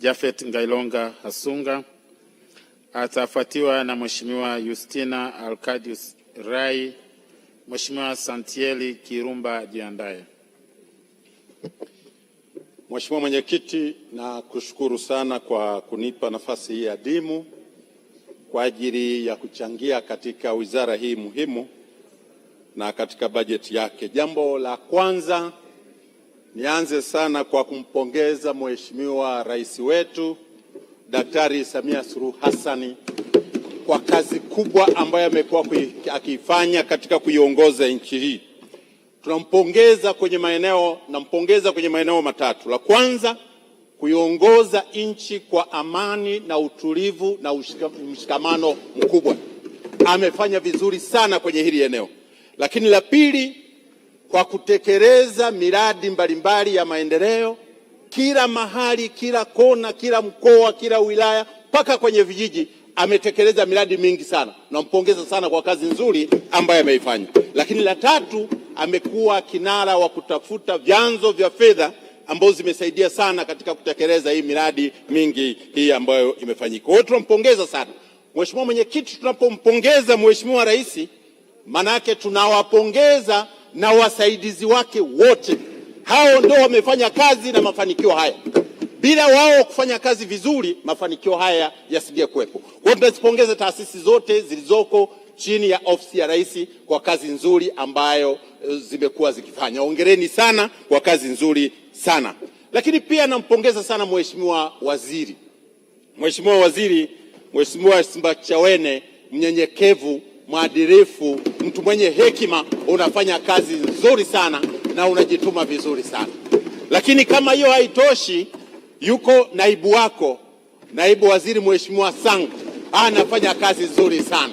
jafet Ngailonga Hasunga, atafuatiwa na Mheshimiwa Justina Alcadius Rai, Mheshimiwa Santieli Kirumba jiandaye. Mheshimiwa Mwenyekiti, na kushukuru sana kwa kunipa nafasi hii adimu kwa ajili ya kuchangia katika wizara hii muhimu na katika bajeti yake. Jambo la kwanza Nianze sana kwa kumpongeza Mheshimiwa Rais wetu Daktari Samia Suluhu hassani kwa kazi kubwa ambayo amekuwa akiifanya katika kuiongoza nchi hii. Tunampongeza kwenye maeneo, nampongeza kwenye maeneo matatu. La kwanza, kuiongoza nchi kwa amani na utulivu na mshikamano mkubwa. Amefanya vizuri sana kwenye hili eneo. Lakini la pili kwa kutekeleza miradi mbalimbali ya maendeleo kila mahali, kila kona, kila mkoa, kila wilaya, mpaka kwenye vijiji ametekeleza miradi mingi sana. Nampongeza sana kwa kazi nzuri ambayo ameifanya. Lakini la tatu, amekuwa kinara wa kutafuta vyanzo vya fedha ambazo zimesaidia sana katika kutekeleza hii miradi mingi hii ambayo imefanyika. Kwa hiyo tunampongeza sana Mheshimiwa Mwenyekiti. Tunapompongeza Mheshimiwa Rais, manake tunawapongeza na wasaidizi wake wote. Hao ndio wamefanya kazi na mafanikio haya. Bila wao kufanya kazi vizuri, mafanikio haya kuwepo. Kwa hiyo tunazipongeza taasisi zote zilizoko chini ya ofisi ya Rais kwa kazi nzuri ambayo eh, zimekuwa zikifanya. Hongereni sana kwa kazi nzuri sana. Lakini pia nampongeza sana mheshimiwa waziri, mheshimiwa waziri, Mheshimiwa Simbachawene, mnyenyekevu, mwadilifu mtu mwenye hekima, unafanya kazi nzuri sana na unajituma vizuri sana. Lakini kama hiyo haitoshi, yuko naibu wako, naibu waziri Mheshimiwa Sang anafanya kazi nzuri sana,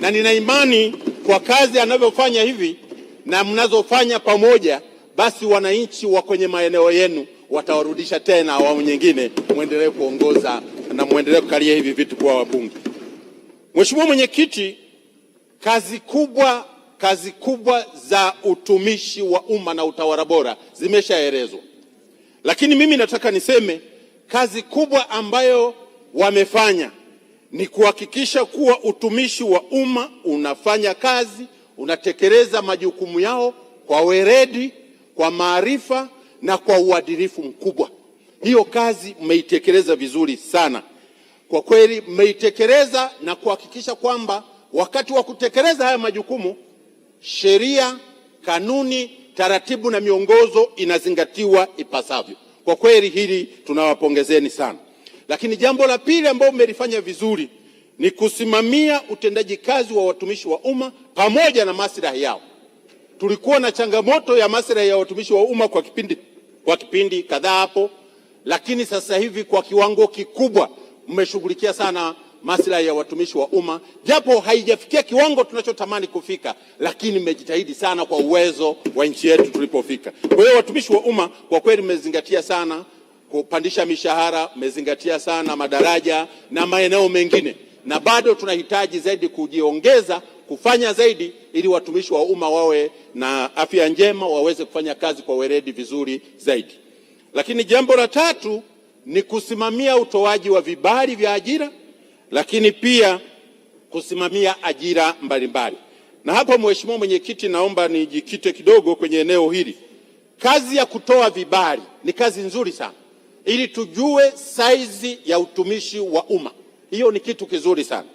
na nina imani kwa kazi anavyofanya hivi na mnazofanya pamoja, basi wananchi wa kwenye maeneo yenu watawarudisha tena awamu nyingine, mwendelee kuongoza na mwendelee kukalia hivi vitu kwa wabunge. Mheshimiwa Mwenyekiti, Kazi kubwa kazi kubwa za utumishi wa umma na utawala bora zimeshaelezwa, lakini mimi nataka niseme kazi kubwa ambayo wamefanya ni kuhakikisha kuwa utumishi wa umma unafanya kazi, unatekeleza majukumu yao kwa weledi, kwa maarifa na kwa uadilifu mkubwa. Hiyo kazi mmeitekeleza vizuri sana kwa kweli, mmeitekeleza na kuhakikisha kwamba Wakati wa kutekeleza haya majukumu, sheria, kanuni, taratibu na miongozo inazingatiwa ipasavyo. Kwa kweli hili tunawapongezeni sana. Lakini jambo la pili ambalo mmelifanya vizuri ni kusimamia utendaji kazi wa watumishi wa umma pamoja na maslahi yao. Tulikuwa na changamoto ya maslahi ya watumishi wa umma kwa kipindi, kwa kipindi kadhaa hapo, lakini sasa hivi kwa kiwango kikubwa mmeshughulikia sana maslahi ya watumishi wa umma, japo haijafikia kiwango tunachotamani kufika, lakini mmejitahidi sana kwa uwezo wa nchi yetu tulipofika. Kwa hiyo watumishi wa umma kwa kweli mmezingatia sana kupandisha mishahara, mmezingatia sana madaraja na maeneo mengine, na bado tunahitaji zaidi kujiongeza kufanya zaidi ili watumishi wa umma wawe na afya njema, waweze kufanya kazi kwa weledi vizuri zaidi. Lakini jambo la tatu ni kusimamia utoaji wa vibali vya ajira lakini pia kusimamia ajira mbalimbali. Na hapo, Mheshimiwa Mwenyekiti, naomba nijikite kidogo kwenye eneo hili. Kazi ya kutoa vibali ni kazi nzuri sana, ili tujue saizi ya utumishi wa umma. Hiyo ni kitu kizuri sana,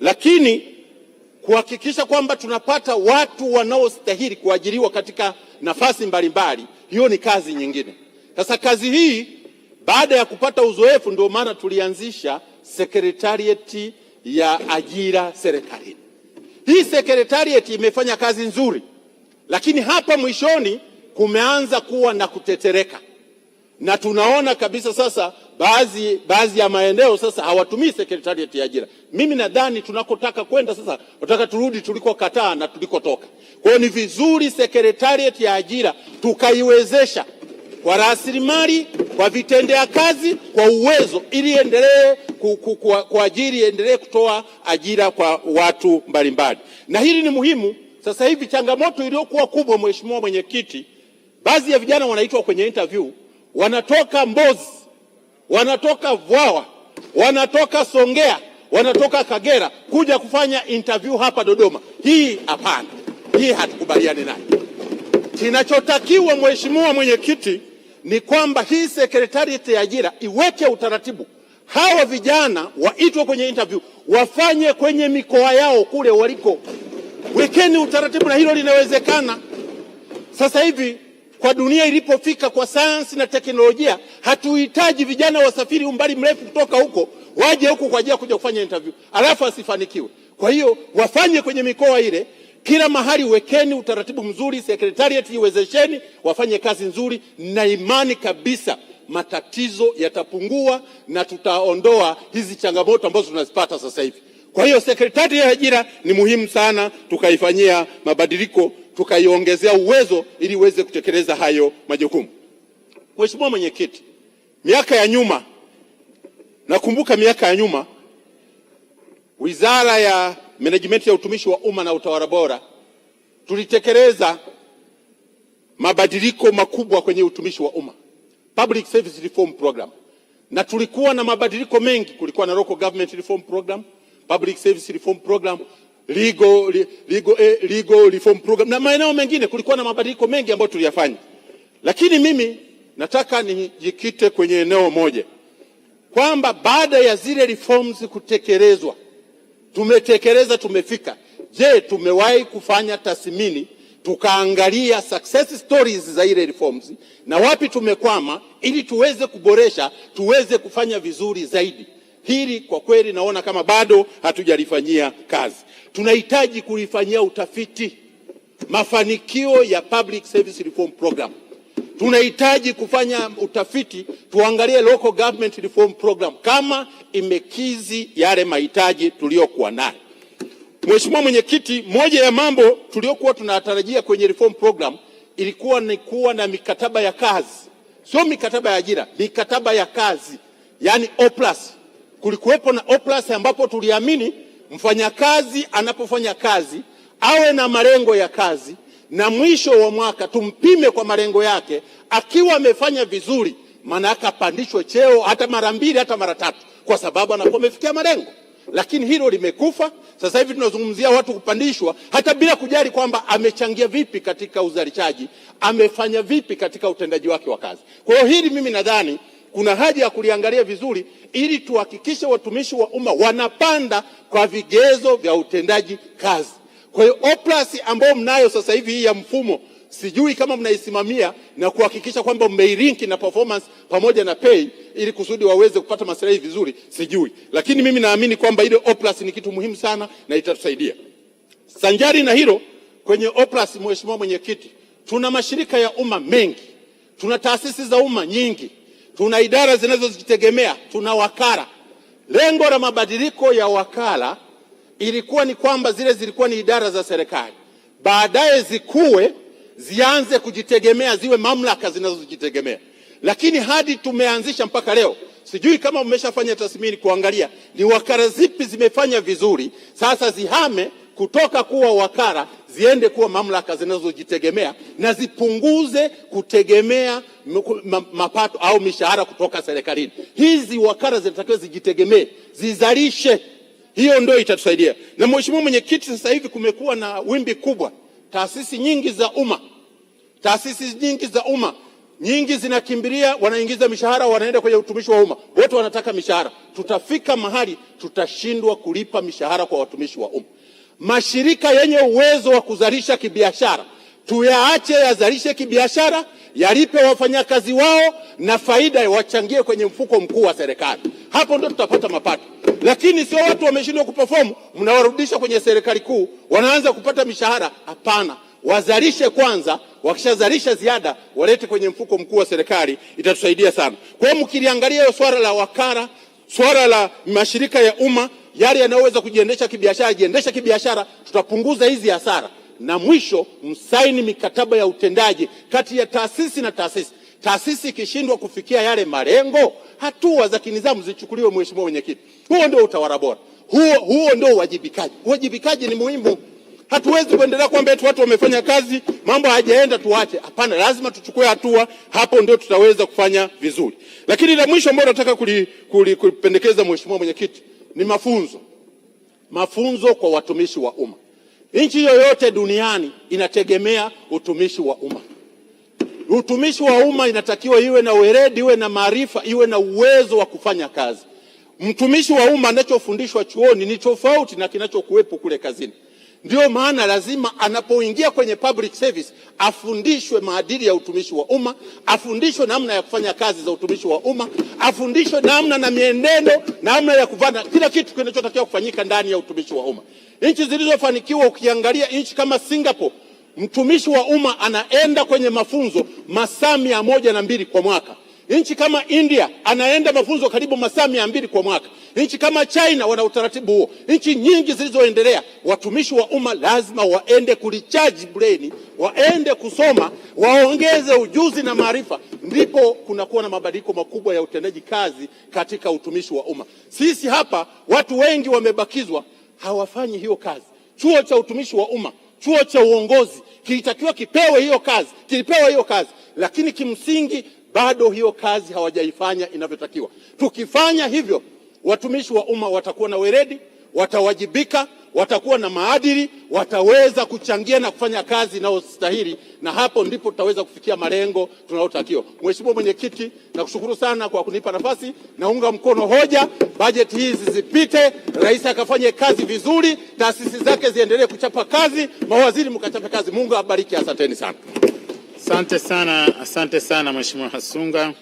lakini kuhakikisha kwamba tunapata watu wanaostahili kuajiriwa katika nafasi mbalimbali, hiyo ni kazi nyingine. Sasa kazi hii baada ya kupata uzoefu, ndio maana tulianzisha sekretarieti ya ajira serikalini. Hii sekretarieti imefanya kazi nzuri, lakini hapa mwishoni kumeanza kuwa na kutetereka, na tunaona kabisa sasa baadhi baadhi ya maeneo sasa hawatumii sekretarieti ya ajira. Mimi nadhani tunakotaka kwenda sasa, tunataka turudi tulikokataa na tulikotoka. Kwa hiyo ni vizuri sekretarieti ya ajira tukaiwezesha kwa rasilimali, kwa vitendea kazi, kwa uwezo, ili endelee kuajiri, endelee kutoa ajira kwa watu mbalimbali, na hili ni muhimu. Sasa hivi changamoto iliyokuwa kubwa, mheshimiwa mwenyekiti, baadhi ya vijana wanaitwa kwenye interview, wanatoka Mbozi, wanatoka Vwawa, wanatoka Songea, wanatoka Kagera kuja kufanya interview hapa Dodoma. Hii hapana, hii hatukubaliani nayo. Kinachotakiwa mheshimiwa mwenyekiti ni kwamba hii sekretarieti ya ajira iweke utaratibu, hawa vijana waitwe kwenye interview, wafanye kwenye mikoa yao kule waliko. Wekeni utaratibu, na hilo linawezekana. Sasa hivi kwa dunia ilipofika kwa sayansi na teknolojia, hatuhitaji vijana wasafiri umbali mrefu kutoka huko waje huku kwa ajili ya kuja kufanya interview alafu asifanikiwe. Kwa hiyo wafanye kwenye mikoa ile. Kila mahali wekeni utaratibu mzuri, sekretariati iwezesheni, wafanye kazi nzuri, na imani kabisa matatizo yatapungua na tutaondoa hizi changamoto ambazo tunazipata sasa hivi. Kwa hiyo sekretariati ya ajira ni muhimu sana, tukaifanyia mabadiliko, tukaiongezea uwezo ili iweze kutekeleza hayo majukumu. Mheshimiwa Mwenyekiti, miaka ya nyuma, nakumbuka miaka ya nyuma wizara ya management ya utumishi wa umma na utawala bora, tulitekeleza mabadiliko makubwa kwenye utumishi wa umma public service reform program, na tulikuwa na mabadiliko mengi. Kulikuwa na local government reform program, public service reform program, legal, legal, eh, legal reform program na maeneo mengine. Kulikuwa na mabadiliko mengi ambayo tuliyafanya, lakini mimi nataka nijikite kwenye eneo moja kwamba baada ya zile reforms kutekelezwa Tumetekeleza, tumefika. Je, tumewahi kufanya tathmini tukaangalia success stories za ile reforms na wapi tumekwama, ili tuweze kuboresha, tuweze kufanya vizuri zaidi? Hili kwa kweli naona kama bado hatujalifanyia kazi. Tunahitaji kulifanyia utafiti mafanikio ya public service reform program tunahitaji kufanya utafiti tuangalie local government reform program kama imekizi yale mahitaji tuliyokuwa nayo. Mheshimiwa Mwenyekiti, moja ya mambo tuliyokuwa tunatarajia kwenye reform program ilikuwa ni kuwa na mikataba ya kazi, sio mikataba ya ajira, mikataba ya kazi, yani oplus. Kulikuwepo na oplus ambapo tuliamini mfanyakazi anapofanya kazi awe na malengo ya kazi na mwisho wa mwaka tumpime kwa malengo yake. Akiwa amefanya vizuri, maana yake apandishwe cheo hata mara mbili hata mara tatu, kwa sababu anakuwa amefikia malengo. Lakini hilo limekufa. Sasa hivi tunazungumzia watu kupandishwa hata bila kujali kwamba amechangia vipi katika uzalishaji, amefanya vipi katika utendaji wake wa kazi. Kwa hiyo hili mimi nadhani kuna haja ya kuliangalia vizuri ili tuhakikishe watumishi wa umma wanapanda kwa vigezo vya utendaji kazi. Kwa hiyo OPLUS ambayo mnayo sasa hivi hii ya mfumo, sijui kama mnaisimamia na kuhakikisha kwamba mmeilink na performance pamoja na pay ili kusudi waweze kupata maslahi vizuri, sijui, lakini mimi naamini kwamba ile OPLUS ni kitu muhimu sana na itatusaidia. Sanjari na hilo, kwenye OPLUS, Mheshimiwa Mwenyekiti, tuna mashirika ya umma mengi, tuna taasisi za umma nyingi, tuna idara zinazojitegemea, tuna wakala. Lengo la mabadiliko ya wakala ilikuwa ni kwamba zile zilikuwa ni idara za serikali, baadaye zikue zianze kujitegemea, ziwe mamlaka zinazojitegemea. Lakini hadi tumeanzisha mpaka leo, sijui kama mmeshafanya tathmini kuangalia ni wakara zipi zimefanya vizuri, sasa zihame kutoka kuwa wakara ziende kuwa mamlaka zinazojitegemea na zipunguze kutegemea mapato au mishahara kutoka serikalini. Hizi wakara zinatakiwa zijitegemee, zizalishe hiyo ndio itatusaidia. Na mheshimiwa mwenyekiti, sasa hivi kumekuwa na wimbi kubwa, taasisi nyingi za umma, taasisi nyingi za umma nyingi zinakimbilia, wanaingiza mishahara, wanaenda kwenye utumishi wa umma, wote wanataka mishahara. Tutafika mahali tutashindwa kulipa mishahara kwa watumishi wa umma. Mashirika yenye uwezo wa kuzalisha kibiashara tuyaache yazalishe kibiashara, yalipe wafanyakazi wao na faida wachangie kwenye mfuko mkuu wa serikali. Hapo ndo tutapata mapato, lakini sio watu wameshindwa kuperform, mnawarudisha kwenye serikali kuu, wanaanza kupata mishahara. Hapana, wazalishe kwanza, wakishazalisha ziada walete kwenye mfuko mkuu wa serikali, itatusaidia sana. Kwa hiyo mkiliangalia hiyo swala la wakala, swala la mashirika ya umma, yale yanayoweza kujiendesha kibiashara, jiendesha kibiashara, tutapunguza hizi hasara na mwisho msaini mikataba ya utendaji kati ya taasisi na taasisi. Taasisi ikishindwa kufikia yale malengo, hatua za kinidhamu zichukuliwe. Mheshimiwa Mwenyekiti, huo ndio utawala bora, huo, huo ndio uwajibikaji. Uwajibikaji ni muhimu. Hatuwezi kuendelea kwamba eti watu wamefanya kazi mambo hayajaenda tuache. Hapana, lazima tuchukue hatua, hapo ndio tutaweza kufanya vizuri. Lakini la mwisho ambalo nataka kulipendekeza, Mheshimiwa Mwenyekiti, ni mafunzo, mafunzo kwa watumishi wa umma. Nchi yoyote duniani inategemea utumishi wa umma. Utumishi wa umma inatakiwa iwe na weredi iwe na maarifa, iwe na uwezo wa kufanya kazi. Mtumishi wa umma anachofundishwa chuoni ni tofauti na kinachokuwepo kule kazini. Ndiyo maana lazima anapoingia kwenye public service afundishwe maadili ya utumishi wa umma, afundishwe namna ya kufanya kazi za utumishi wa umma, afundishwe namna na mienendo, namna ya kuvana, kila kitu kinachotakiwa kufanyika ndani ya utumishi wa umma. Nchi zilizofanikiwa, ukiangalia nchi kama Singapore, mtumishi wa umma anaenda kwenye mafunzo masaa mia moja na mbili kwa mwaka. Nchi kama India anaenda mafunzo karibu masaa mia mbili kwa mwaka. Nchi kama China wana utaratibu huo. Nchi nyingi zilizoendelea, watumishi wa umma lazima waende kulicharge brain, waende kusoma, waongeze ujuzi na maarifa, ndipo kunakuwa na mabadiliko makubwa ya utendaji kazi katika utumishi wa umma. Sisi hapa watu wengi wamebakizwa, hawafanyi hiyo kazi. Chuo cha utumishi wa umma chuo cha uongozi kilitakiwa kipewe hiyo kazi, kilipewa hiyo kazi, lakini kimsingi bado hiyo kazi hawajaifanya inavyotakiwa. Tukifanya hivyo, watumishi wa umma watakuwa na weledi, watawajibika, watakuwa na maadili, wataweza kuchangia na kufanya kazi inayostahili, na hapo ndipo tutaweza kufikia malengo tunayotakiwa. Mheshimiwa Mwenyekiti, nakushukuru sana kwa kunipa nafasi. Naunga mkono hoja, bajeti hizi zipite, rais akafanye kazi vizuri, taasisi zake ziendelee kuchapa kazi, mawaziri mkachape kazi. Mungu abariki, asanteni sana. Asante sana, asante sana Mheshimiwa Hasunga.